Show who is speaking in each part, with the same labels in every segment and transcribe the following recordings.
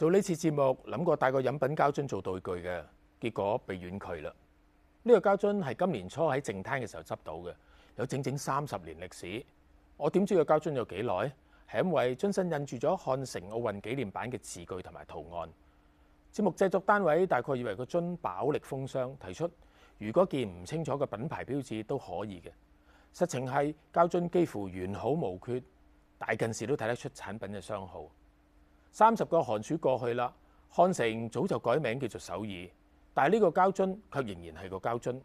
Speaker 1: 做呢次節目，諗過帶個飲品膠樽做道具嘅，結果被婉拒啦。呢個膠樽係今年初喺淨灘嘅時候執到嘅，有整整三十年歷史。我點知個膠樽有幾耐？係因為樽身印住咗漢城奧運紀念版嘅字句同埋圖案。節目製作單位大概以為個樽飽歷風霜，提出如果見唔清楚個品牌標誌都可以嘅。實情係膠樽幾乎完好無缺，大近視都睇得出產品嘅商號。三十個寒暑過去啦，漢城早就改名叫做首爾，但係呢個膠樽卻仍然係個膠樽。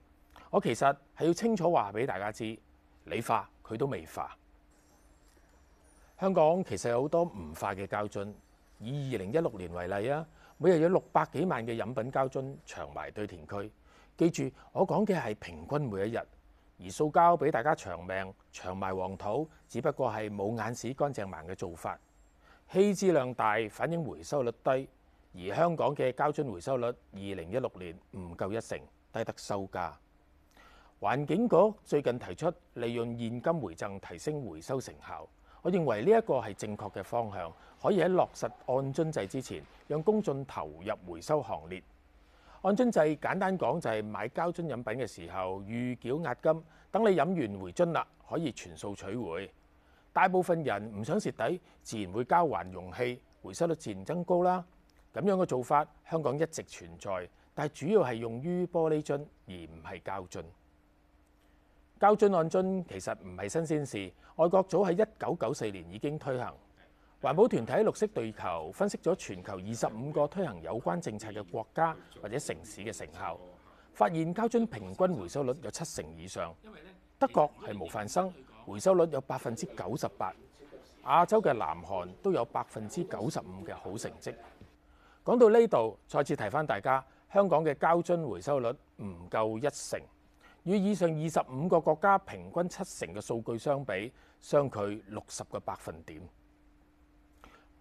Speaker 1: 我其實係要清楚話俾大家知，你化佢都未化。香港其實有好多唔化嘅膠樽。以二零一六年為例啊，每日有六百幾萬嘅飲品膠樽長埋堆填區。記住我講嘅係平均每一日，而塑膠俾大家長命長埋黃土，只不過係冇眼屎乾淨盲嘅做法。棄置量大，反映回收率低，而香港嘅膠樽回收率，二零一六年唔夠一成，低得收價。環境局最近提出利用現金回贈提升回收成效，我認為呢一個係正確嘅方向，可以喺落實按樽制之前，讓公眾投入回收行列。按樽制簡單講就係買膠樽飲品嘅時候預繳押金，等你飲完回樽啦，可以全數取回。大部分人唔想蝕底，自然會交還容器，回收率自然增高啦。咁樣嘅做法，香港一直存在，但係主要係用於玻璃樽而唔係膠樽。膠樽按樽其實唔係新鮮事，外國早喺一九九四年已經推行。環保團體綠惜地球分析咗全球二十五個推行有關政策嘅國家或者城市嘅成效，發現膠樽平均回收率有七成以上。德國係模範生。回收率有百分之九十八，亞洲嘅南韓都有百分之九十五嘅好成績。講到呢度，再次提返大家，香港嘅膠樽回收率唔夠一成，與以上二十五個國家平均七成嘅數據相比，相距六十個百分點。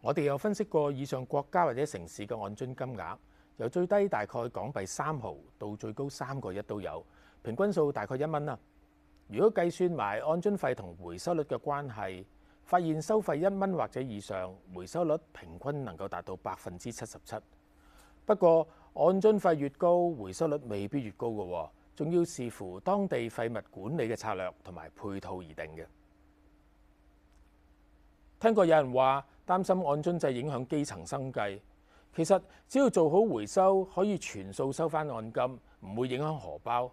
Speaker 1: 我哋有分析過以上國家或者城市嘅按樽金額，由最低大概港幣三毫到最高三個一都有，平均數大概一蚊啦。如果計算埋按樽費同回收率嘅關係，發現收費一蚊或者以上，回收率平均能夠達到百分之七十七。不過，按樽費越高，回收率未必越高嘅，仲要視乎當地廢物管理嘅策略同埋配套而定嘅。聽過有人話擔心按樽制影響基層生計，其實只要做好回收，可以全數收返按金，唔會影響荷包。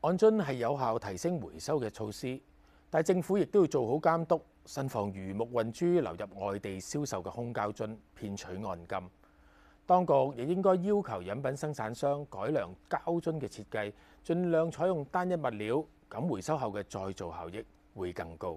Speaker 1: 按樽係有效提升回收嘅措施，但係政府亦都要做好監督，慎防魚目混珠流入外地銷售嘅空膠樽騙取按金。當局亦應該要求飲品生產商改良膠樽嘅設計，盡量採用單一物料，咁回收後嘅再造效益會更高。